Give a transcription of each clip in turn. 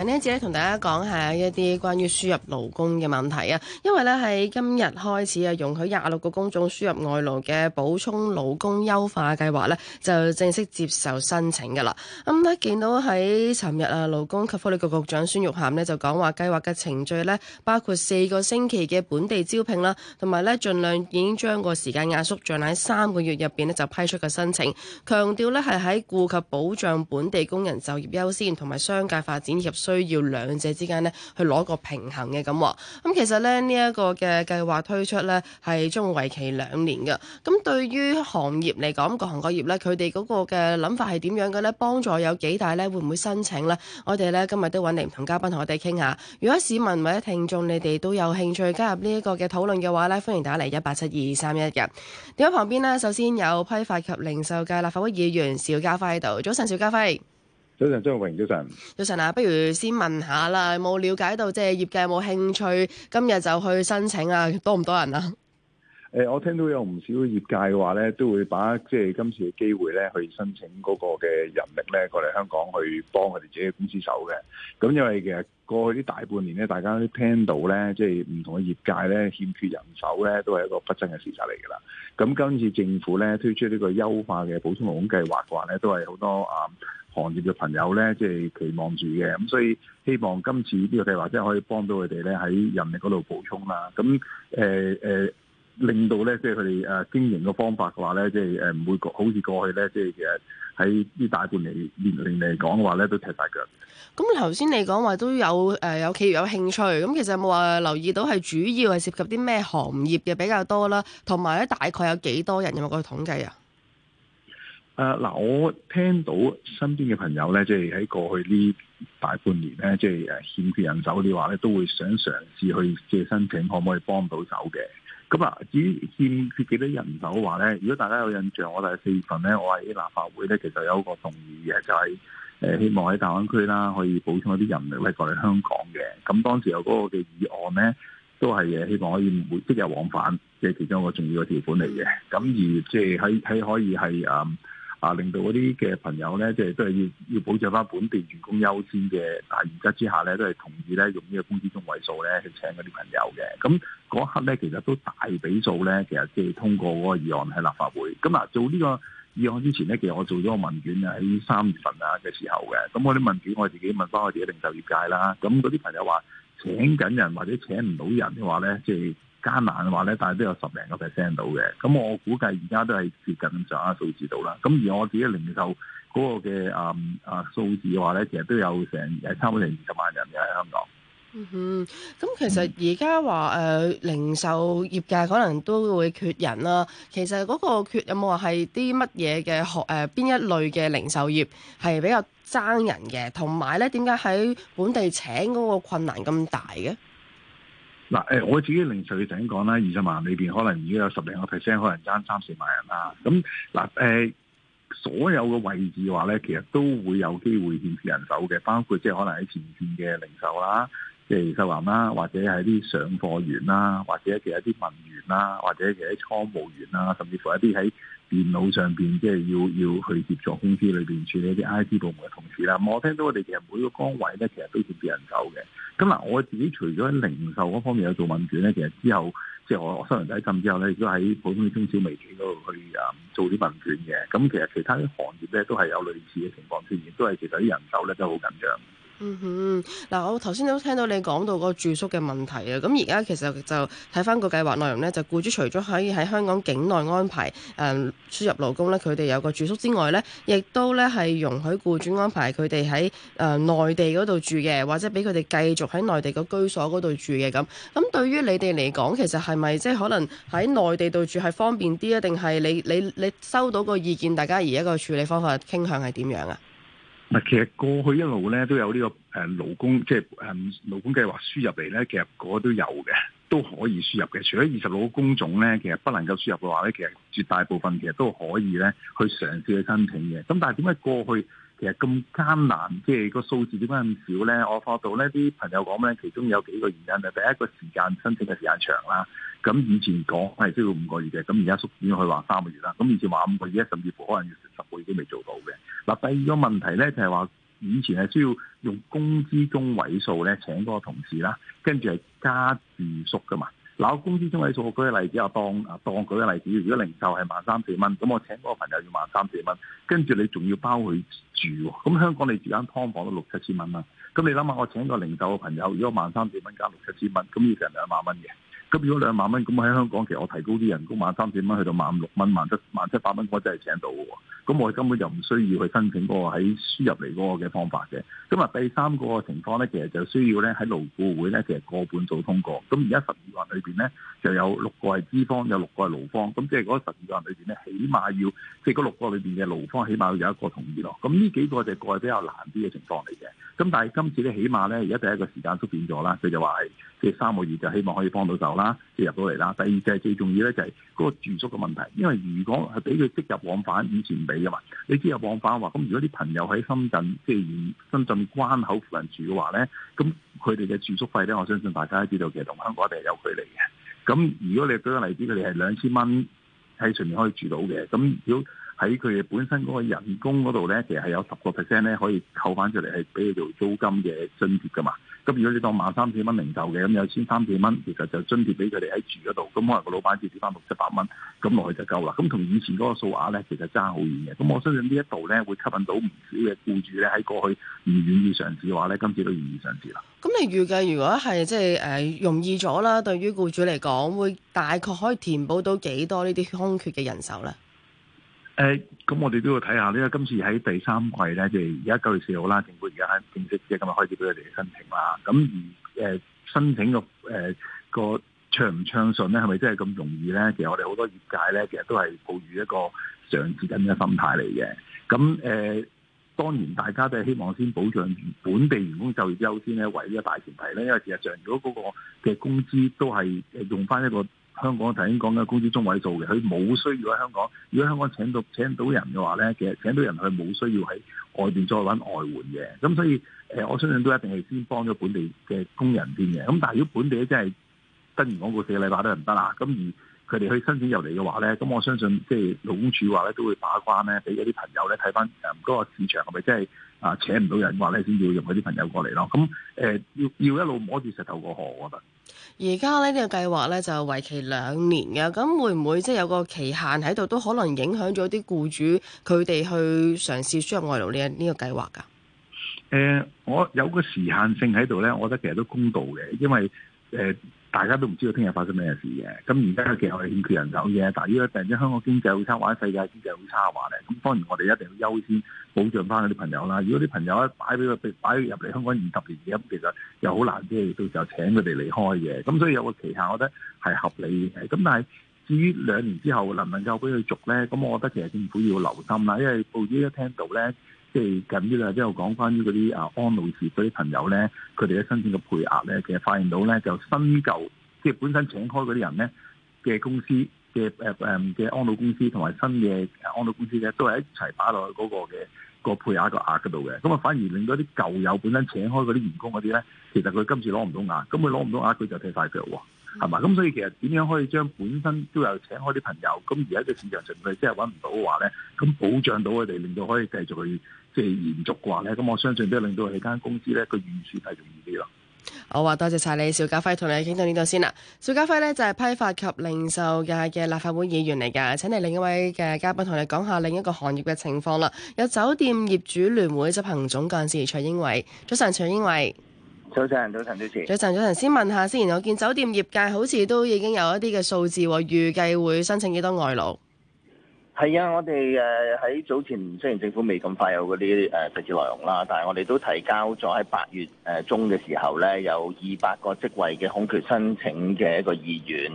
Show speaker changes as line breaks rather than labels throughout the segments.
一呢次咧同大家講下一啲關於輸入勞工嘅問題啊，因為咧喺今日開始啊，容許廿六個工種輸入外勞嘅補充勞工優化計劃咧就正式接受申請噶啦。咁咧見到喺尋日啊，勞工及福利局局，局長孫玉菡咧就講話，計劃嘅程序咧包括四個星期嘅本地招聘啦、啊，同埋咧盡量已經將個時間壓縮，盡喺三個月入邊咧就批出嘅申請，強調咧係喺顧及保障本地工人就業優先，同埋商界發展入。需要兩者之間咧去攞個平衡嘅咁喎，咁、嗯、其實咧呢一、這個嘅計劃推出咧係將會為期兩年嘅，咁、嗯、對於行業嚟講，各行各業呢，佢哋嗰個嘅諗法係點樣嘅呢？幫助有幾大呢？會唔會申請呢？我哋呢，今日都揾嚟唔同嘉賓同我哋傾下。如果市民或者聽眾你哋都有興趣加入呢一個嘅討論嘅話呢，歡迎打嚟一八七二三一一。點喺旁邊呢，首先有批發及零售界立法會議員邵家輝喺度，早晨，邵家輝。早晨，張榮，早晨。早晨啊，不如先問下啦，冇了解到即係業界有冇興趣，今日就去申請啊？多唔多人啊？
誒、欸，我聽到有唔少業界嘅話咧，都會把即係今次嘅機會咧，去申請嗰個嘅人力咧，過嚟香港去幫佢哋自己公司手嘅。咁因為其實過去啲大半年咧，大家都聽到咧，即係唔同嘅業界咧，欠缺人手咧，都係一個不爭嘅事實嚟噶啦。咁今次政府咧推出呢個優化嘅補充勞工計劃嘅話咧，都係好多啊～、嗯行業嘅朋友咧，即係期望住嘅，咁所以希望今次呢個計劃真係可以幫到佢哋咧，喺人力嗰度補充啦。咁誒誒，令到咧，即係佢哋誒經營嘅方法嘅話咧，即係誒唔會好似過去咧，即係其實喺呢大半嚟年齡嚟講嘅話咧，都踢晒腳。
咁頭先你講話都有誒有企業有興趣，咁其實有冇話留意到係主要係涉及啲咩行業嘅比較多啦？同埋咧，大概有幾多人有冇去統計啊？
誒嗱、呃，我聽到身邊嘅朋友咧，即係喺過去呢大半年咧，即係誒欠缺人手嘅話咧，都會想嘗試去借申請，可唔可以幫到手嘅。咁啊，至於欠缺幾多人手嘅話咧，如果大家有印象，我喺四月份咧，我喺立法會咧，其實有一個動議嘅，就係、是、誒希望喺大灣區啦，可以補充一啲人力嚟過嚟香港嘅。咁當時有嗰個嘅議案咧，都係誒希望可以唔會即日往返，即係其中一個重要嘅條款嚟嘅。咁而即係喺喺可以係誒。啊，令到嗰啲嘅朋友咧，即係都係要要保障翻本地員工優先嘅大原則之下咧，都係同意咧用呢個工資中位數咧去請嗰啲朋友嘅。咁嗰刻咧，其實都大比數咧，其實即係通過嗰個議案喺立法會。咁嗱，做呢個議案之前咧，其實我做咗個問卷喺三月份啊嘅時候嘅。咁我啲問卷，我自己問翻我哋零售業界啦。咁嗰啲朋友話請緊人或者請唔到人嘅話咧，即係。艱難嘅話咧，但係都有十零個 percent 到嘅，咁我估計而家都係接近上下數字度啦。咁而我自己零售嗰個嘅、嗯、啊啊數字話咧，其實都有成誒差唔多成二十
萬人嘅喺香港。
嗯哼，咁其實而家話誒零售業界可能都會缺人啦。其實嗰個缺有冇話係啲乜嘢嘅學誒邊、呃、一類嘅零售業係比較爭人嘅？同埋咧，點解喺本地請嗰個困難咁大嘅？
嗱，誒、啊、我自己零售就咁講啦，二十萬裏邊可能已經有十零個 percent 可能爭三四萬人啦。咁嗱，誒、啊、所有嘅位置話咧，其實都會有機會顯示人手嘅，包括即係可能喺前線嘅零售啦，即係售樓啦，或者係啲上貨員啦，或者其實啲文員啦，或者其實啲倉務員啦，甚至乎一啲喺電腦上邊即係要要去協助公司裏邊處理啲 I T 部門嘅同事啦。嗯、我聽到我哋其實每個崗位咧，其實都接缺人手嘅。咁嗱，我自己除咗喺零售嗰方面有做文員咧，其實之後即係我收人底薪之後咧，亦都喺普通嘅中小微企嗰度去啊、嗯、做啲文員嘅。咁其實其他啲行業咧都係有類似嘅情況出現，都係其實啲人手咧都好緊張。
嗯哼，嗱，我頭先都聽到你講到個住宿嘅問題啊，咁而家其實就睇翻個計劃內容咧，就僱主除咗可以喺香港境內安排誒輸入勞工咧，佢哋有個住宿之外咧，亦都咧係容許僱主安排佢哋喺誒內地嗰度住嘅，或者俾佢哋繼續喺內地個居所嗰度住嘅咁。咁對於你哋嚟講，其實係咪即係可能喺內地度住係方便啲啊？定係你你你收到個意見，大家而家個處理方法傾向係點樣啊？
嗱，其實過去一路咧都有呢個誒勞工，即係誒勞工計劃輸入嚟咧，其實嗰個都有嘅，都可以輸入嘅。除咗二十六個工種咧，其實不能夠輸入嘅話咧，其實絕大部分其實都可以咧去嘗試去申請嘅。咁但係點解過去，其實咁艱難，即係個數字點解咁少咧？我發到呢啲朋友講咧，其中有幾個原因，就第一個時間申請嘅時間長啦。咁以前講係需要五個月嘅，咁而家縮短佢話三個月啦。咁以前話五個月，甚至乎可能要十個月都未做到嘅。嗱，第二個問題咧，就係話以前係需要用工資中位數咧請嗰個同事啦，跟住係加住宿噶嘛。嗱，我公司中位數，舉個例子又當，當舉個例子，如果零售係萬三四蚊，咁我請嗰個朋友要萬三四蚊，跟住你仲要包佢住，咁香港你住間劏房都六七千蚊啦，咁你諗下，我請個零售嘅朋友，如果萬三四蚊加六七千蚊，咁要成兩萬蚊嘅。咁如果兩萬蚊，咁喺香港其實我提高啲人工，萬三四蚊去到萬五六蚊、萬七萬七八蚊，我真係請到嘅。咁我根本就唔需要去申請嗰個喺輸入嚟嗰個嘅方法嘅。咁啊第三個情況咧，其實就需要咧喺勞顧會咧，其實過半數通過。咁而家十二人裏邊咧，就有六個係資方，有六個係勞方。咁即係嗰十二個人裏邊咧，起碼要即係嗰六個裏邊嘅勞方，起碼要有一個同意咯。咁呢幾個就係個係比較難啲嘅情況嚟嘅。咁但係今次咧，起碼咧，而家第一個時間縮短咗啦，佢就話係即三個月就希望可以幫到手啦，即入到嚟啦。第二就係最重要咧，就係嗰個住宿嘅問題，因為如果係俾佢即入往返，以前唔俾嘅嘛，你即入往返話，咁如果啲朋友喺深圳，即係深圳關口附近住嘅話咧，咁佢哋嘅住宿費咧，我相信大家都知道，其實同香港一定係有距離嘅。咁如果你舉個例子，佢哋係兩千蚊喺上面可以住到嘅，咁如果喺佢嘅本身嗰個人工嗰度咧，其實係有十個 percent 咧可以扣返出嚟，係俾佢做租金嘅津貼噶嘛。咁、嗯、如果你當萬三千蚊零售嘅，咁有千三千蚊，其實就津貼俾佢哋喺住嗰度。咁可能個老闆節節翻六七百蚊，咁落去就夠啦。咁同以前嗰個數額咧，其實爭好遠嘅。咁我相信呢一度咧，會吸引到唔少嘅僱主咧，喺過去唔願意嘗試嘅話咧，今次都願意嘗試啦。
咁你預計如果係即係誒容易咗啦，對於僱主嚟講，會大概可以填補到幾多呢啲空缺嘅人手咧？
誒，咁、嗯、我哋都要睇下，呢個今次喺第三季咧，就而家九月四號啦，政府而家喺正式即係今日開始俾佢哋申請啦。咁而誒、呃，申請、呃、個誒個暢唔暢順咧，係咪真係咁容易咧？其實我哋好多業界咧，其實都係抱住一個嘗試緊嘅心態嚟嘅。咁、嗯、誒、呃，當然大家都係希望先保障本地員工就業優先咧，為呢個大前提咧。因為事實上，如果嗰、那個嘅工資都係用翻一個。香港頭先講嘅工資中位數嘅，佢冇需要喺香港。如果香港請到請到人嘅話咧，其實請到人佢冇需要喺外邊再揾外援嘅。咁所以誒、呃，我相信都一定係先幫咗本地嘅工人先嘅。咁但係如果本地真係跟完廣告四個禮拜都係唔得啦，咁而佢哋去申請入嚟嘅話咧，咁我相信即係勞工處話咧都會把關咧，俾一啲朋友咧睇翻誒嗰個市場係咪真係？啊，請唔到人嘅話咧，先要約佢啲朋友過嚟咯。咁誒，要要一路摸住石頭過河，我覺
得。而家呢個計劃咧就為期兩年嘅，咁會唔會即係有個期限喺度，都可能影響咗啲僱主佢哋去嘗試輸入外勞呢？呢個計劃噶？
誒，我有個時限性喺度咧，我覺得其實都公道嘅，因為誒。呃大家都唔知道聽日發生咩事嘅，咁而家其實我哋欠缺人手嘅，但係如果突然之間香港經濟好差，或者世界經濟好差嘅話咧，咁當然我哋一定要優先保障翻嗰啲朋友啦。如果啲朋友一擺俾佢擺入嚟香港二十年嘅，咁其實又好難即係到時候請佢哋離開嘅。咁所以有個期限，我覺得係合理嘅。咁但係至於兩年之後能唔能夠俾佢續咧，咁我覺得其實政府要留心啦，因為報紙一聽到咧。即係近呢兩日都有講關於嗰啲啊安老士嗰啲朋友咧，佢哋嘅申請嘅配額咧，其實發現到咧就新舊即係本身請開嗰啲人咧嘅公司嘅誒誒嘅安老公司同埋新嘅安老公司咧，都係一齊擺落去嗰個嘅個，嗰個配額個額嗰度嘅，咁啊反而令到啲舊友本身請開嗰啲員工嗰啲咧，其實佢今次攞唔到額，咁佢攞唔到額佢就踢曬腳喎。係嘛？咁、嗯、所以其實點樣可以將本身都有請開啲朋友，咁而家嘅市場情況真係揾唔到嘅話咧，咁保障到佢哋，令到可以繼續去即係延續嘅話咧，咁我相信都令到佢哋間公司咧個預算係容易
啲咯。好啊，多謝晒你，邵家輝同你傾到呢度先啦。邵家輝咧就係批發及零售界嘅立法會議員嚟㗎，請嚟另一位嘅嘉賓同你講下另一個行業嘅情況啦。有酒店業主聯會執行總幹事徐英偉，早晨，徐英偉。早晨，早晨，主持。 早晨，早晨，先問下先。我見酒店業界好似都已經有一啲嘅數字，預計會申請幾多外勞？
係啊，我哋誒喺早前雖然政府未咁快有嗰啲誒實際內容啦，但係我哋都提交咗喺八月誒中嘅時候咧，有二百個職位嘅空缺申請嘅一個意願。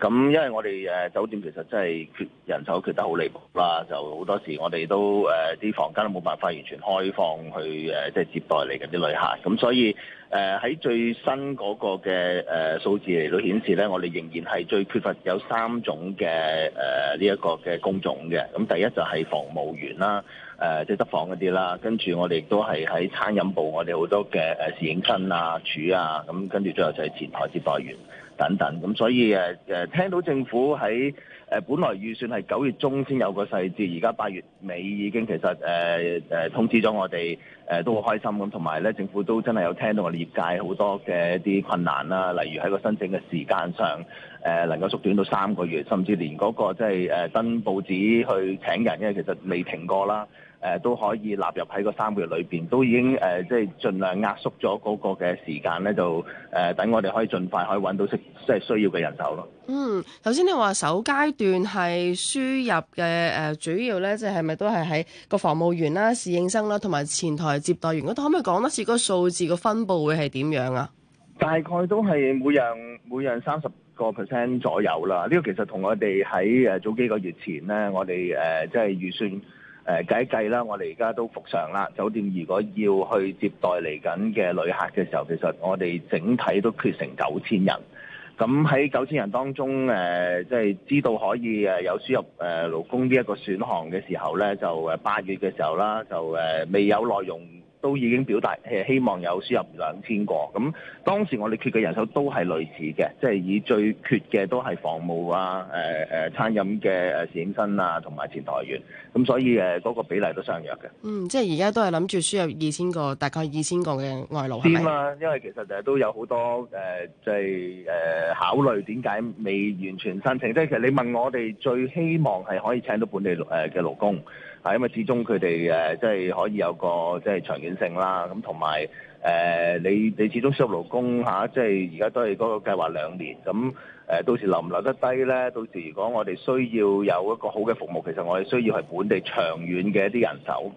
咁因為我哋誒酒店其實真係缺人手，缺得好離譜啦，就好多時我哋都誒啲、呃、房間都冇辦法完全開放去誒，即、呃、係、就是、接待嚟緊啲旅客。咁所以誒喺、呃、最新嗰個嘅誒、呃、數字嚟到顯示咧，我哋仍然係最缺乏有三種嘅誒呢一個嘅工種嘅。咁、呃、第一就係房務員啦。誒即係執房嗰啲啦，跟住我哋亦都係喺餐飲部，我哋好多嘅誒侍應生啊、廚啊，咁跟住最後就係前台接待員等等。咁所以誒誒聽到政府喺誒本來預算係九月中先有個細節，而家八月尾已經其實誒誒通知咗我哋，誒都好開心咁。同埋咧，政府都真係有聽到我哋業界好多嘅一啲困難啦，例如喺個申請嘅時間上，誒能夠縮短到三個月，甚至連嗰個即係誒登報紙去請人，因為其實未停過啦。誒、呃、都可以納入喺個三個月裏邊，都已經誒、呃、即係盡量壓縮咗嗰個嘅時間咧，就誒、呃、等我哋可以盡快可以揾到即係需要嘅人手咯。嗯，
頭先你話首階段係輸入嘅誒、呃、主要咧，即係咪都係喺個服務員啦、侍應生啦、同埋前台接待員嗰度？可唔可以講多次，個數字個分佈會係點樣啊？大概都係每
樣每樣三十個 percent 左右啦。呢、呢個其實同我哋喺誒早幾個月前咧，我哋誒、呃、即係預算。誒、uh，計一計啦，我哋而家都復常啦。酒店如果要去接待嚟緊嘅旅客嘅時候，其實我哋整體都缺成九千人。咁喺九千人當中，誒即係知道可以誒有輸入誒勞、呃、工呢一個選項嘅時候咧，就誒八月嘅時候啦，就誒未、呃、有內容。都已經表達誒希望有輸入兩千個咁，當時我哋缺嘅人手都係類似嘅，即係以最缺嘅都係房務啊、誒誒餐飲嘅誒侍應生啊同埋前台員，咁所以誒嗰、呃嗰個比例都相若嘅。嗯，
即係而家都係諗住輸入二千個，大概二千個嘅外勞係啦，吧
因為其實誒都有好多誒，即係誒考慮點解未完全申請。即係其實你問我哋最希望係可以請到本地誒嘅勞工。係，因為始終佢哋誒，即係可以有個即係長遠性啦。咁同埋誒，你你始終收勞工嚇、啊，即係而家都係嗰個計劃兩年。咁、啊、誒，到時留唔留得低咧？到時如果我哋需要有一個好嘅服務，其實我哋需要係本地長遠嘅一啲人手。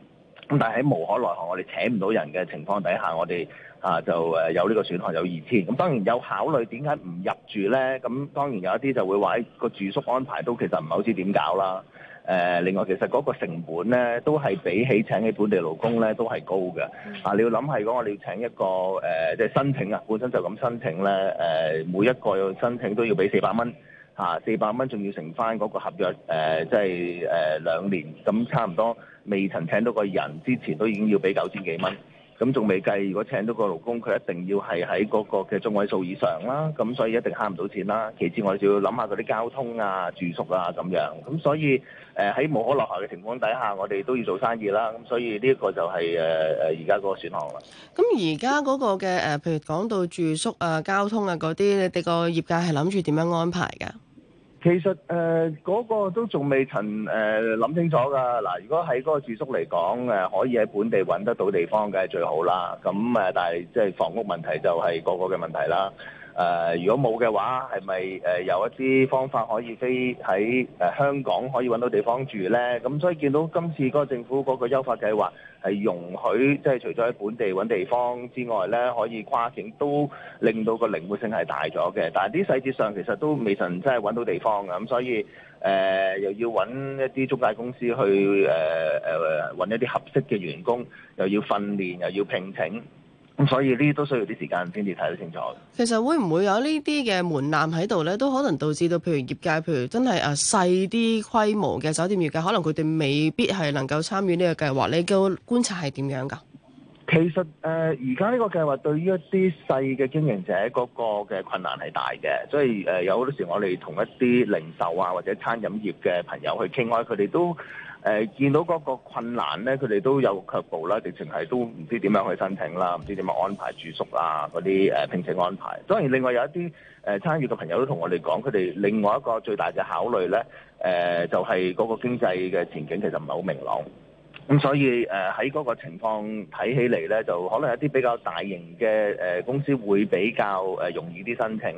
咁但係喺無可奈何，我哋請唔到人嘅情況底下，我哋啊就誒有呢個選項有二千、啊。咁當然有考慮點解唔入住咧？咁當然有一啲就會話個住宿安排都其實唔係好知點搞啦。誒，另外其實嗰個成本咧，都係比起請起本地勞工咧，都係高嘅。啊，你要諗係講我哋要請一個誒，即、呃、係、就是、申請啊，本身就咁申請咧，誒、呃、每一個要申請都要俾四百蚊，嚇四百蚊仲要乘翻嗰個合約誒，即係誒兩年，咁差唔多未曾請到個人之前，都已經要俾九千幾蚊。咁仲未計，如果請到個勞工，佢一定要係喺嗰個嘅中位數以上啦，咁所以一定慳唔到錢啦。其次，我哋就要諗下嗰啲交通啊、住宿啊咁樣，咁所以誒喺、呃、無可奈何嘅情況底下，我哋都要做生意啦。咁所以呢一個就係誒誒而家嗰個選項啦。
咁而家嗰個嘅誒，呃、譬如講到住宿啊、呃、交通啊嗰啲，你哋個業界係諗住點樣安排㗎？
其實誒，嗰、呃那個都仲未曾誒諗、呃、清楚噶。嗱，如果喺嗰個住宿嚟講，誒、呃、可以喺本地揾得到地方梗係最好啦。咁誒，但係即係房屋問題，就係個個嘅問題啦。誒、呃，如果冇嘅話，係咪誒有一啲方法可以飛喺誒、呃、香港可以揾到地方住呢？咁所以見到今次個政府嗰個優化計劃係容許，即係除咗喺本地揾地方之外呢，可以跨境，都令到個靈活性係大咗嘅。但係啲細節上其實都未曾真係揾到地方。咁所以誒、呃、又要揾一啲中介公司去誒誒揾一啲合適嘅員工，又要訓練，又要聘請。咁所以呢啲都需要啲時間先至睇得清楚。
其實會唔會有呢啲嘅門檻喺度咧？都可能導致到，譬如業界，譬如真係啊細啲規模嘅酒店業界，可能佢哋未必係能夠參與呢個計劃。你嘅觀察係點樣噶？其實誒而家呢個計劃對於一啲細嘅經營
者嗰個嘅困難係大嘅，所以誒、呃、有好多時我哋同一啲零售啊或者餐飲業嘅朋友去傾開，佢哋都。誒、呃、見到嗰個困難咧，佢哋都有卻步啦，直情係都唔知點樣去申請啦，唔知點樣安排住宿啦，嗰啲誒聘請安排。當然，另外有一啲誒、呃、參與嘅朋友都同我哋講，佢哋另外一個最大嘅考慮咧，誒、呃、就係、係、嗰個經濟嘅前景其實唔係好明朗。咁、嗯、所以誒喺嗰個情況睇起嚟咧，就可能一啲比較大型嘅誒、呃、公司會比較誒容易啲申請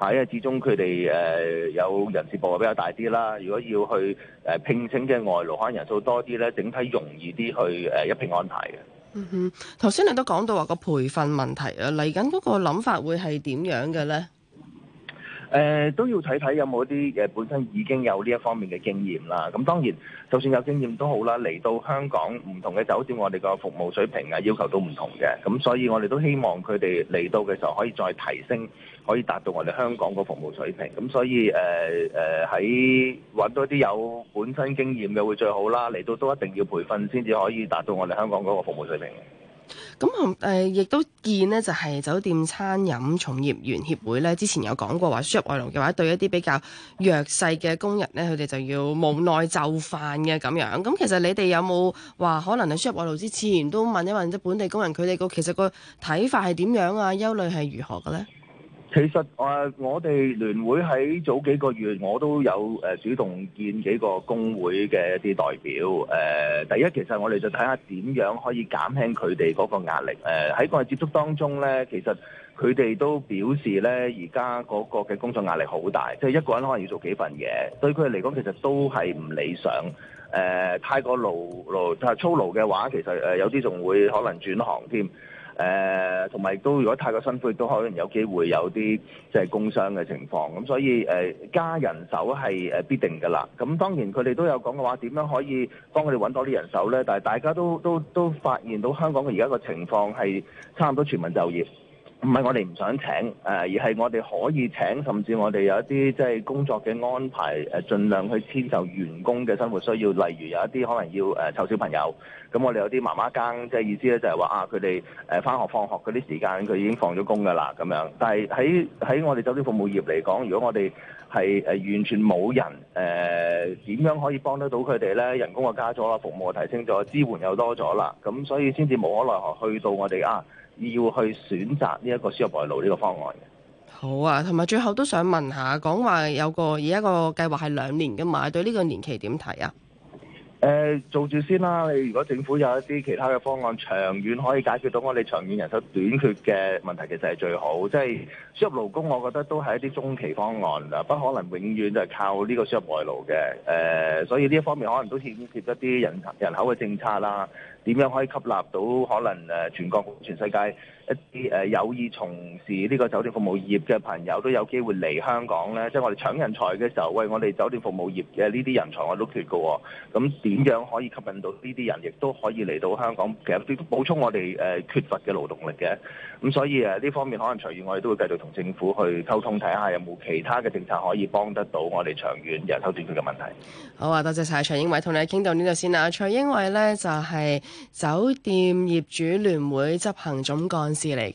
吓，因、嗯、為始終佢哋誒有人事部比較大啲啦。如果要去誒、呃、聘請嘅外勞可能人數多啲咧，整體容易啲去誒、呃、一併安排嘅。嗯
哼，頭先你都講到話個培訓問題啊，嚟緊嗰個諗法會係點樣嘅咧？
誒、呃、都要睇睇有冇啲誒本身已經有呢一方面嘅經驗啦。咁、嗯、當然，就算有經驗都好啦，嚟到香港唔同嘅酒店，我哋個服務水平啊要求都唔同嘅。咁、嗯、所以我哋都希望佢哋嚟到嘅時候可以再提升，可以達到我哋香港個服務水平。咁、嗯、所以誒誒喺搵多啲有本身經驗嘅會最好啦。嚟到都一定要培訓先至可以達到我哋香港嗰個服務水平。
咁誒，亦、嗯、都見咧，就係酒店餐飲從業員協會咧，之前有講過話輸入外勞嘅話，對一啲比較弱勢嘅工人咧，佢哋就要無奈就範嘅咁樣。咁、嗯、其實你哋有冇話可能係輸入外勞之前都問一問啲本地工人，佢哋個其實個睇法係點樣啊？憂慮係如何嘅咧？
其實誒，我哋聯會喺早幾個月，我都有誒主動見幾個工會嘅一啲代表。誒，第一其實我哋就睇下點樣可以減輕佢哋嗰個壓力。誒，喺個接觸當中呢，其實佢哋都表示呢，而家嗰個嘅工作壓力好大，即係一個人可能要做幾份嘢，對佢嚟講其實都係唔理想。誒，太過勞勞太操勞嘅話，其實誒有啲仲會可能轉行添。誒，同埋、呃、都如果太過辛苦，都可能有機會有啲即係工傷嘅情況。咁所以誒，加、呃、人手係誒必定㗎啦。咁當然佢哋都有講嘅話，點樣可以幫佢哋揾多啲人手咧？但係大家都都都發現到香港嘅而家個情況係差唔多全民就業。唔係我哋唔想請，誒、呃、而係我哋可以請，甚至我哋有一啲即係工作嘅安排，誒、呃、盡量去遷就員工嘅生活需要，例如有一啲可能要誒湊、呃、小朋友，咁我哋有啲媽媽更即係意思咧就係、是、話啊，佢哋誒返學放學嗰啲時間，佢已經放咗工㗎啦，咁樣。但係喺喺我哋酒店服務業嚟講，如果我哋係誒完全冇人誒點、呃、樣可以幫得到佢哋咧？人工又加咗啦，服務又提升咗，支援又多咗啦，咁所以先至無可奈何去到我哋啊，要去選擇呢一個輸入外勞呢個方案嘅。
好啊，同埋最後都想問下，講話有個而家個計劃係兩年㗎嘛？對呢個年期點睇啊？
誒、呃、做住先啦！你如果政府有一啲其他嘅方案，長遠可以解決到我哋長遠人手短缺嘅問題，其實係最好。即係輸入勞工，我覺得都係一啲中期方案，不可能永遠就係靠呢個輸入外勞嘅。誒、呃，所以呢一方面可能都欠缺一啲人人口嘅政策啦。點樣可以吸納到可能誒全國全世界一啲誒有意從事呢個酒店服務業嘅朋友都有機會嚟香港咧？即係我哋搶人才嘅時候，喂，我哋酒店服務業嘅呢啲人才我哋都缺嘅、哦。咁點樣可以吸引到呢啲人，亦都可以嚟到香港？其實都補充我哋誒、呃、缺乏嘅勞動力嘅。咁、嗯、所以誒、啊、呢方面可能隨遠我哋都會繼續同政府去溝通，睇下有冇其他嘅政策可以幫得到我哋長遠人口短缺嘅問題。
好啊，多謝晒、啊。徐英偉，同你傾到呢度先啦。徐英偉咧就係、是。酒店業主聯會執行總幹事嚟。